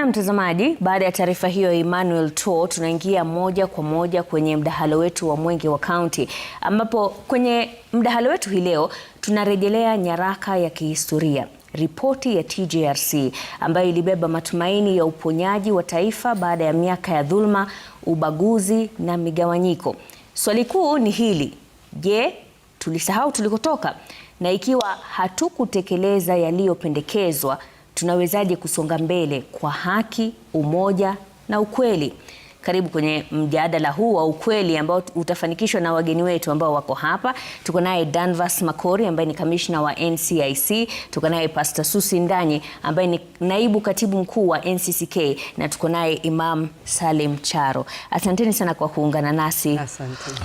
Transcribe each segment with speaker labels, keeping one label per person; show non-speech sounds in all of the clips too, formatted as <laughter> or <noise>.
Speaker 1: Na mtazamaji, baada ya taarifa hiyo ya Emmanuel Tor, tunaingia moja kwa moja kwenye mdahalo wetu wa Mwenge wa Kaunti, ambapo kwenye mdahalo wetu hii leo tunarejelea nyaraka ya kihistoria, ripoti ya TJRC ambayo ilibeba matumaini ya uponyaji wa taifa baada ya miaka ya dhuluma, ubaguzi na migawanyiko. Swali kuu ni hili: je, tulisahau tulikotoka? Na ikiwa hatukutekeleza yaliyopendekezwa tunawezaje kusonga mbele kwa haki, umoja na ukweli. Karibu kwenye mjadala huu wa ukweli ambao utafanikishwa na wageni wetu ambao wako hapa. Tuko naye Danvas Makori ambaye ni kamishna wa NCIC, tuko naye Pastor Susi Ndanyi ambaye ni naibu katibu mkuu wa NCCK na tuko naye Imam Salim Charo. Asanteni sana kwa kuungana nasi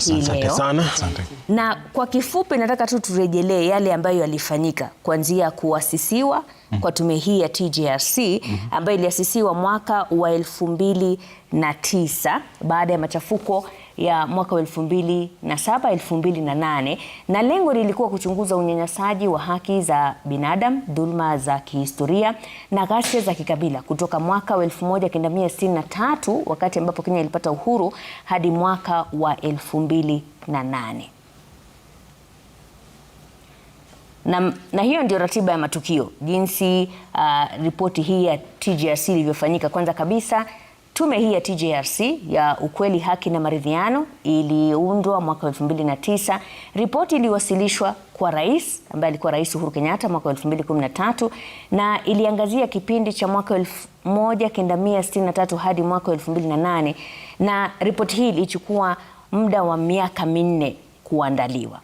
Speaker 1: hii leo. Na kwa kifupi, nataka tu turejelee yale ambayo yalifanyika kuanzia kuasisiwa Mm-hmm. kwa tume hii ya TJRC mm-hmm. ambayo iliasisiwa mwaka wa elfu mbili na tisa baada ya machafuko ya mwaka wa elfu mbili na saba elfu mbili na nane na lengo lilikuwa kuchunguza unyanyasaji wa haki za binadamu, dhuluma za kihistoria na ghasia za kikabila kutoka mwaka wa 1963 wakati ambapo Kenya ilipata uhuru hadi mwaka wa elfu mbili na nane. Na, na hiyo ndio ratiba ya matukio jinsi uh, ripoti hii ya TJRC ilivyofanyika. Kwanza kabisa tume hii ya TJRC ya ukweli, haki na maridhiano iliundwa mwaka 2009. Ripoti iliwasilishwa kwa rais ambaye alikuwa Rais Uhuru Kenyatta mwaka 2013 na iliangazia kipindi cha mwaka 1963 hadi mwaka 2008 na ripoti hii ilichukua muda wa miaka minne kuandaliwa.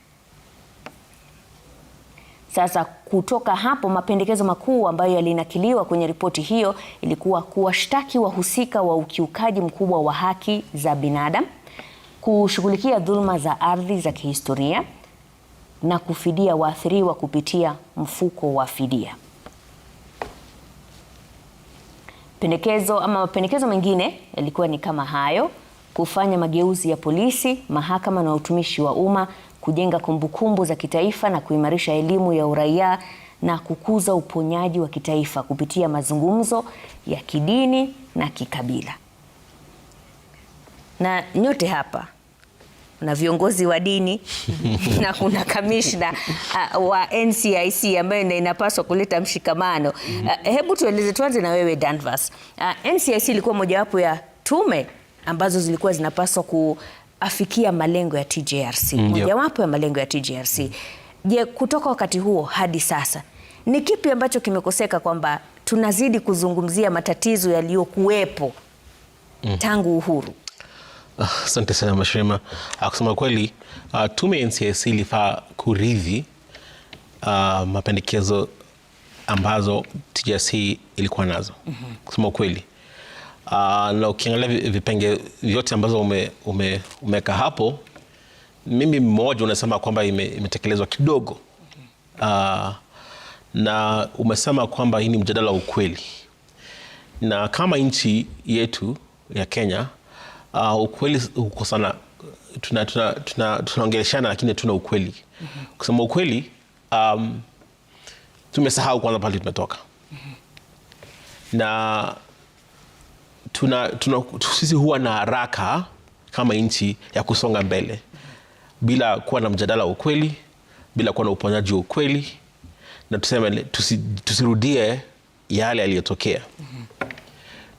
Speaker 1: Sasa kutoka hapo, mapendekezo makuu ambayo yalinakiliwa kwenye ripoti hiyo ilikuwa kuwashtaki wahusika wa ukiukaji mkubwa wa haki za binadamu, kushughulikia dhuluma za ardhi za kihistoria na kufidia waathiriwa kupitia mfuko wa fidia. Pendekezo ama mapendekezo mengine yalikuwa ni kama hayo: kufanya mageuzi ya polisi, mahakama na utumishi wa umma, kujenga kumbukumbu za kitaifa na kuimarisha elimu ya uraia na kukuza uponyaji wa kitaifa kupitia mazungumzo ya kidini na kikabila. Na nyote hapa na viongozi wa dini <laughs> na kuna kamishna uh, wa NCIC ambayo inapaswa kuleta mshikamano. Mhm. Uh, hebu tueleze, tuanze na wewe Danvas. Uh, NCIC ilikuwa mojawapo ya tume ambazo zilikuwa zinapaswa ku afikia malengo ya TJRC, mm, mojawapo ya malengo ya TJRC. Je, kutoka wakati huo hadi sasa ni kipi ambacho kimekoseka kwamba tunazidi kuzungumzia matatizo yaliyokuwepo mm. tangu uhuru?
Speaker 2: Ah, asante ah, sana Mashirima. Ah, kusema kweli ah, tume ya NCIC ilifaa kuridhi ah, mapendekezo ambazo TJRC ilikuwa nazo mm -hmm. Kusema kweli Uh, na ukiangalia vipenge vyote ambazo umeweka ume, hapo, mimi mmoja unasema kwamba ime, imetekelezwa kidogo uh, na umesema kwamba hii ni mjadala wa ukweli, na kama nchi yetu ya Kenya uh, ukweli uko sana, tunaongeleshana tuna, tuna, tuna lakini hatuna ukweli. Kusema ukweli, um, tumesahau kwanza pale tumetoka na tuna, tuna, sisi huwa na haraka kama nchi ya kusonga mbele bila kuwa na mjadala wa ukweli, bila kuwa na uponyaji wa ukweli, na tuseme tusi, tusirudie yale yaliyotokea.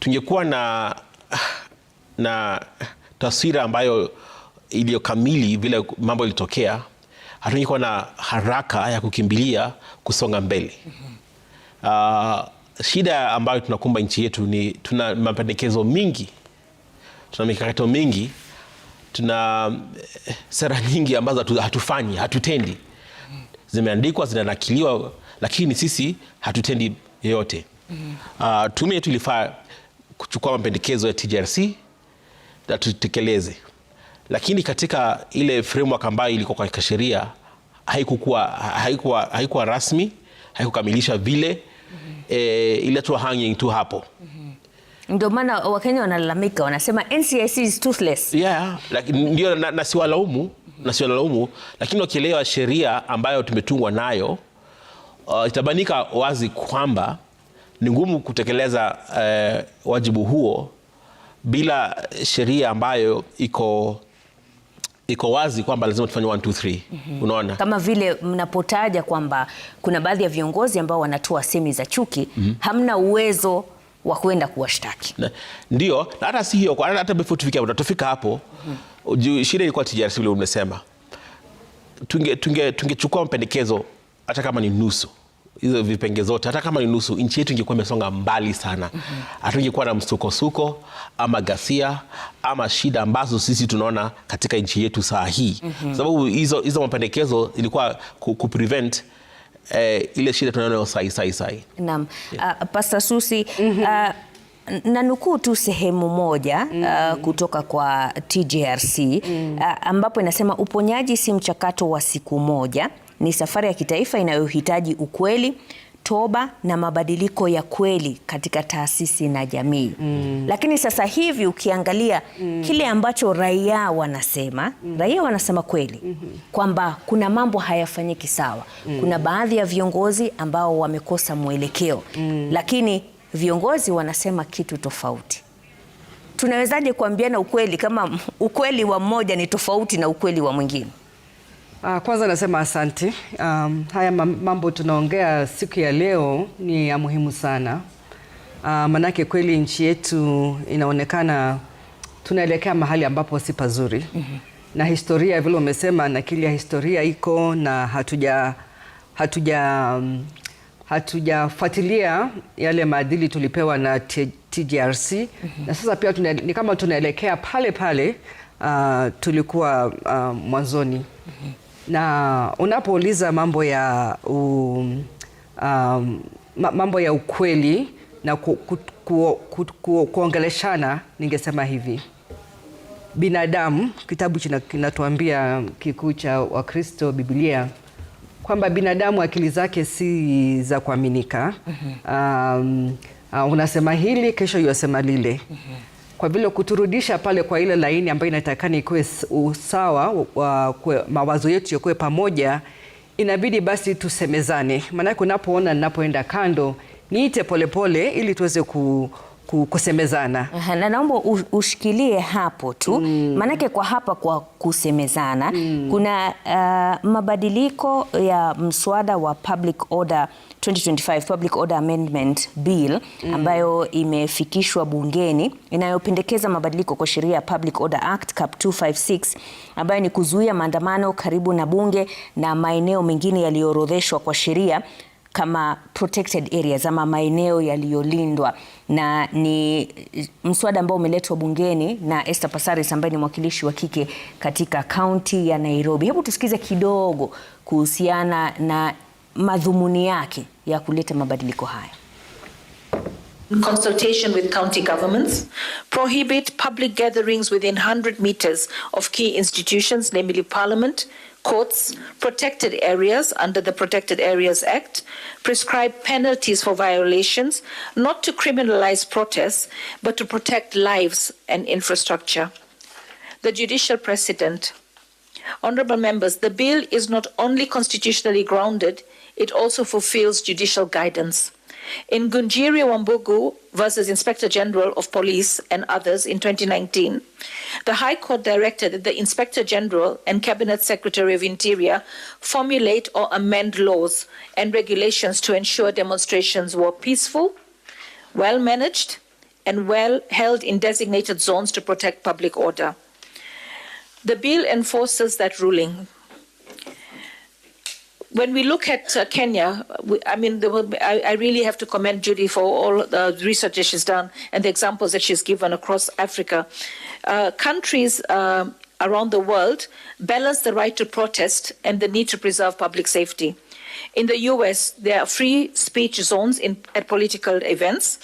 Speaker 2: Tungekuwa na, na taswira ambayo iliyokamili vile mambo ilitokea, hatungekuwa na haraka ya kukimbilia kusonga mbele. Uh, Shida ambayo tunakumba nchi yetu ni tuna mapendekezo mingi, tuna mikakato mingi, tuna eh, sera nyingi ambazo hatufanyi, hatutendi. Zimeandikwa, zinanakiliwa, lakini sisi hatutendi yoyote. Uh, tume yetu ilifaa kuchukua mapendekezo ya TJRC na tutekeleze, lakini katika ile framework ambayo ilikuwa katika sheria haikuwa rasmi, haikukamilisha vile e, eh, iletwa hanging tu hapo mm -hmm.
Speaker 1: Ndio maana Wakenya wanalalamika wanasema NCIC is toothless.
Speaker 2: Yeah, lakini ndio na siwalaumu mm-hmm. na siwalaumu Lakini wakielewa sheria ambayo tumetungwa nayo uh, itabanika wazi kwamba ni ngumu kutekeleza uh, wajibu huo bila sheria ambayo iko iko wazi kwamba lazima tufanye 1 2 3.
Speaker 1: mm -hmm. Unaona, kama vile mnapotaja kwamba kuna baadhi ya viongozi ambao wanatoa semi za chuki mm -hmm. hamna uwezo wa kwenda kuwashtaki,
Speaker 2: ndio hata si hiyo, hata before tufike hapo, tutafika hapo mm -hmm. shida ilikuwa TJRC vile umesema, tungechukua tunge, tunge mpendekezo hata kama ni nusu hizo vipenge zote, hata kama ni nusu, nchi yetu ingekuwa imesonga mbali sana. Mhm. Hatungekuwa mm -hmm. na msukosuko ama ghasia ama shida ambazo sisi tunaona katika nchi yetu saa hii mm -hmm. sababu hizo, hizo mapendekezo ilikuwa kuprevent eh, ile shida tunaona sai sai sai.
Speaker 1: Naam, yeah. uh, Pastor Susi mm -hmm. uh, ah, na nukuu tu sehemu moja mm uh, kutoka kwa TJRC mm uh, ambapo inasema uponyaji si mchakato wa siku moja ni safari ya kitaifa inayohitaji ukweli, toba na mabadiliko ya kweli katika taasisi na jamii. Mm. Lakini sasa hivi ukiangalia mm. kile ambacho raia wanasema mm. raia wanasema kweli mm -hmm. kwamba kuna mambo hayafanyiki sawa mm. kuna baadhi ya viongozi ambao wamekosa mwelekeo mm. lakini viongozi wanasema kitu tofauti. Tunawezaje kuambiana ukweli kama <laughs> ukweli wa mmoja ni tofauti na ukweli wa mwingine?
Speaker 3: Uh, kwanza nasema asante. Um, haya mambo tunaongea siku ya leo ni ya muhimu sana. Uh, manake kweli nchi yetu inaonekana tunaelekea mahali ambapo si pazuri. Mm -hmm. Na historia vile umesema, nakili ya historia iko na hatuja hatuja um, hatujafuatilia yale maadili tulipewa na TGRC. Mm -hmm. Na sasa pia tuna, ni kama tunaelekea pale pale uh, tulikuwa uh, mwanzoni. Mm -hmm na unapouliza mambo ya u, um, mambo ya ukweli na ku, ku, ku, ku, ku, kuongeleshana, ningesema hivi binadamu, kitabu kinatuambia kikuu cha Wakristo, Biblia, kwamba binadamu akili zake si za kuaminika. mm -hmm. Um, uh, unasema hili kesho, yuasema lile. mm -hmm kwa vile kuturudisha pale kwa ile laini ambayo inatakikana ikuwe usawa, mawazo yetu yakuwe pamoja, inabidi basi tusemezane. Maanake unapoona ninapoenda kando, niite polepole ili tuweze ku kusemezana.
Speaker 1: Aha, na naomba ushikilie hapo tu mm. Maanake kwa hapa kwa kusemezana mm. kuna uh, mabadiliko ya mswada wa public order 2025 Public Order Amendment Bill mm. ambayo imefikishwa bungeni inayopendekeza mabadiliko kwa sheria ya Public Order Act Cap 256 ambayo ni kuzuia maandamano karibu na bunge na maeneo mengine yaliyoorodheshwa kwa sheria kama protected areas ama maeneo yaliyolindwa, na ni mswada ambao umeletwa bungeni na Esther Passaris ambaye ni mwakilishi wa kike katika kaunti ya Nairobi. Hebu tusikize kidogo kuhusiana na madhumuni yake ya kuleta mabadiliko haya.
Speaker 4: In consultation with county governments, prohibit public gatherings within 100 meters of key institutions, namely parliament, courts, protected areas under the Protected Areas Act, prescribe penalties for violations, not to criminalize protests, but to protect lives and infrastructure. The judicial precedent. Honourable members, the bill is not only constitutionally grounded, it also fulfills judicial guidance. In Gunjiri Wambugu versus Inspector General of Police and others in 2019, the High Court directed that the Inspector General and Cabinet Secretary of Interior formulate or amend laws and regulations to ensure demonstrations were peaceful, well managed, and well held in designated zones to protect public order. The bill enforces that ruling when we look at uh, Kenya, we, I mean, be, I, I, really have to commend Judy for all the research that she's done and the examples that she's given across Africa. Uh, countries uh, around the world balance the right to protest and the need to preserve public safety. In the US, there are free speech zones in, at political events.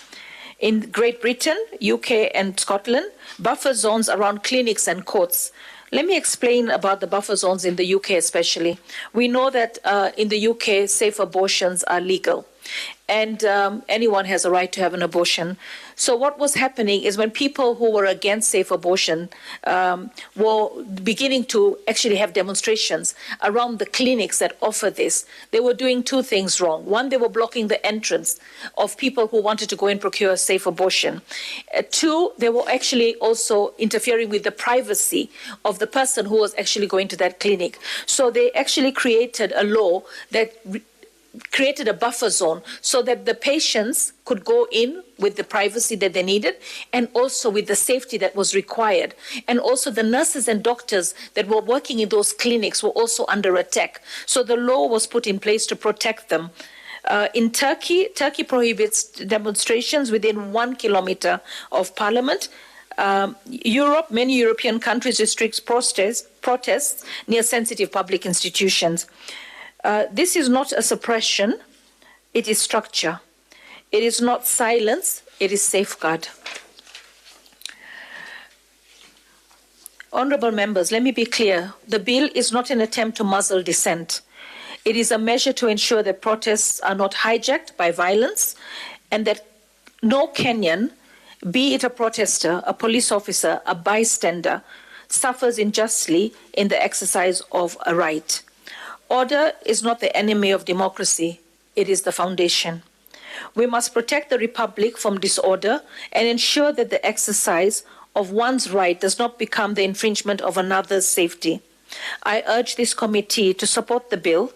Speaker 4: In Great Britain, UK, and Scotland, buffer zones around clinics and courts. Let me explain about the buffer zones in the UK, especially. We know that uh, in the UK, safe abortions are legal and um, anyone has a right to have an abortion. So what was happening is when people who were against safe abortion um, were beginning to actually have demonstrations around the clinics that offer this, they were doing two things wrong. One, they were blocking the entrance of people who wanted to go and procure a safe abortion. Uh, two, they were actually also interfering with the privacy of the person who was actually going to that clinic. So they actually created a law that. Re- created a buffer zone so that the patients could go in with the privacy that they needed and also with the safety that was required. And also the nurses and doctors that were working in those clinics were also under attack. So the law was put in place to protect them. Uh, in Turkey, Turkey prohibits demonstrations within one kilometer of parliament. Um, Europe, many European countries restrict protests, protests near sensitive public institutions. Uh, this is not a suppression, it is structure. It is not silence, it is safeguard. Honourable members, let me be clear. The bill is not an attempt to muzzle dissent. It is a measure to ensure that protests are not hijacked by violence and that no Kenyan, be it a protester, a police officer, a bystander, suffers unjustly in the exercise of a right. Order is not the enemy of democracy, it is the foundation. We must protect the Republic from disorder and ensure that the exercise of one's right does not become the infringement of another's safety. I urge this committee to support the bill,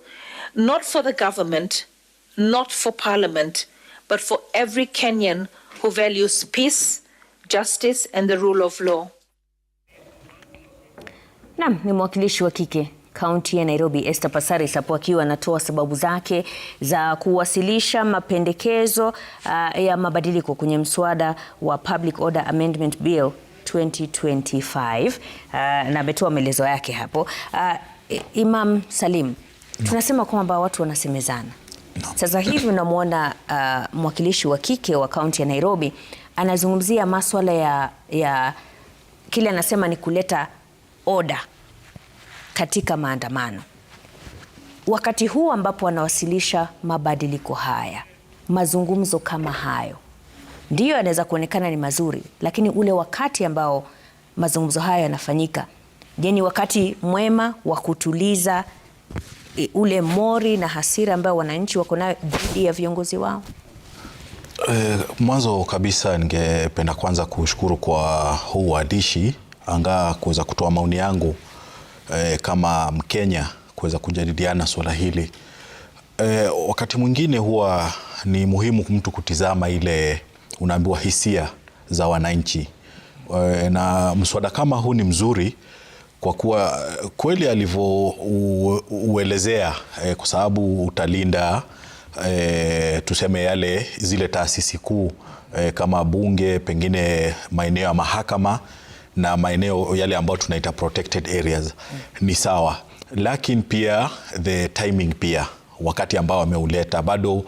Speaker 4: not for the government, not for parliament, but for every Kenyan who values peace, justice, and the rule of law.
Speaker 1: Nam ni mwakilishi wa kike kaunti ya Nairobi Esther Passaris hapo akiwa anatoa sababu zake za kuwasilisha mapendekezo uh, ya mabadiliko kwenye mswada wa Public Order Amendment Bill 2025 uh, na ametoa maelezo yake hapo. Uh, Imam Salim, mm. tunasema kwamba watu wanasemezana no. Sasa hivi unamwona uh, mwakilishi wa kike wa kaunti ya Nairobi anazungumzia maswala ya, ya kile anasema ni kuleta oda katika maandamano. Wakati huu ambapo wanawasilisha mabadiliko haya, mazungumzo kama hayo ndiyo yanaweza kuonekana ni mazuri, lakini ule wakati ambao mazungumzo hayo yanafanyika, je, ni wakati mwema wa kutuliza e, ule mori na hasira ambayo wananchi wako nayo dhidi ya viongozi wao?
Speaker 2: E, mwanzo kabisa ningependa kwanza kushukuru kwa huu uandishi angaa kuweza kutoa maoni yangu eh, kama Mkenya kuweza kujadiliana swala hili. Eh, wakati mwingine huwa ni muhimu mtu kutizama ile unaambiwa hisia za wananchi eh, na mswada kama huu ni mzuri kwa kuwa eh, kweli alivyouelezea eh, kwa sababu utalinda e, tuseme yale zile taasisi kuu e, kama bunge, pengine maeneo ya mahakama na maeneo yale ambayo tunaita protected areas ni sawa, lakini pia the timing pia wakati ambao wameuleta bado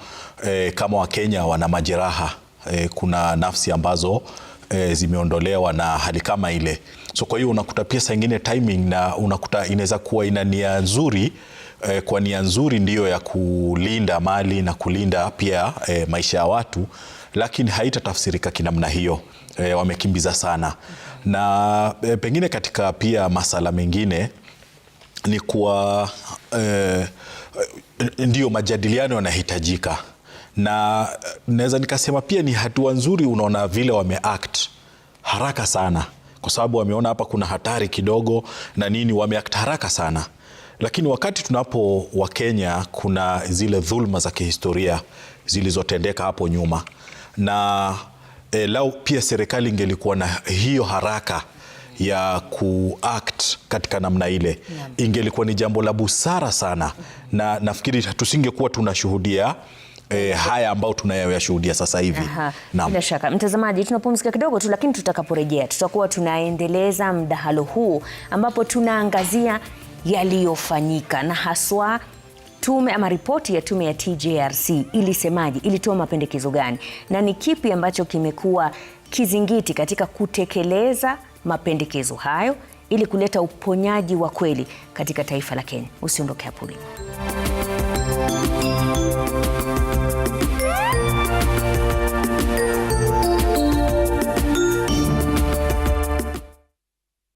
Speaker 2: eh, kama Wakenya wana majeraha eh, kuna nafsi ambazo eh, zimeondolewa na hali kama ile, so kwa hiyo unakuta pia saa ingine timing na unakuta inaweza kuwa ina nia nzuri eh, kwa nia nzuri ndiyo ya kulinda mali na kulinda pia eh, maisha ya watu, lakini haitatafsirika kinamna hiyo. Eh, wamekimbiza sana na e, pengine katika pia masala mengine ni kuwa e, ndio majadiliano yanahitajika, na eh, naweza nikasema pia ni hatua nzuri. Unaona vile wameact haraka sana, kwa sababu wameona hapa kuna hatari kidogo na nini, wameact haraka sana lakini wakati tunapo Wakenya, kuna zile dhulma za kihistoria zilizotendeka hapo nyuma na e, lau pia serikali ingelikuwa na hiyo haraka ya kuact katika namna ile yeah. Ingelikuwa ni jambo la busara sana na nafikiri tusingekuwa tunashuhudia E, haya ambayo tunayoyashuhudia sasa hivi.
Speaker 1: Bila shaka mtazamaji, tunapumzika kidogo tu, lakini tutakaporejea tutakuwa tunaendeleza mdahalo huu ambapo tunaangazia yaliyofanyika na haswa tume ama ripoti ya tume ya TJRC ilisemaje? Ilitoa mapendekezo gani na ni kipi ambacho kimekuwa kizingiti katika kutekeleza mapendekezo hayo ili kuleta uponyaji wa kweli katika taifa la Kenya? Usiondoke hapo ulipo.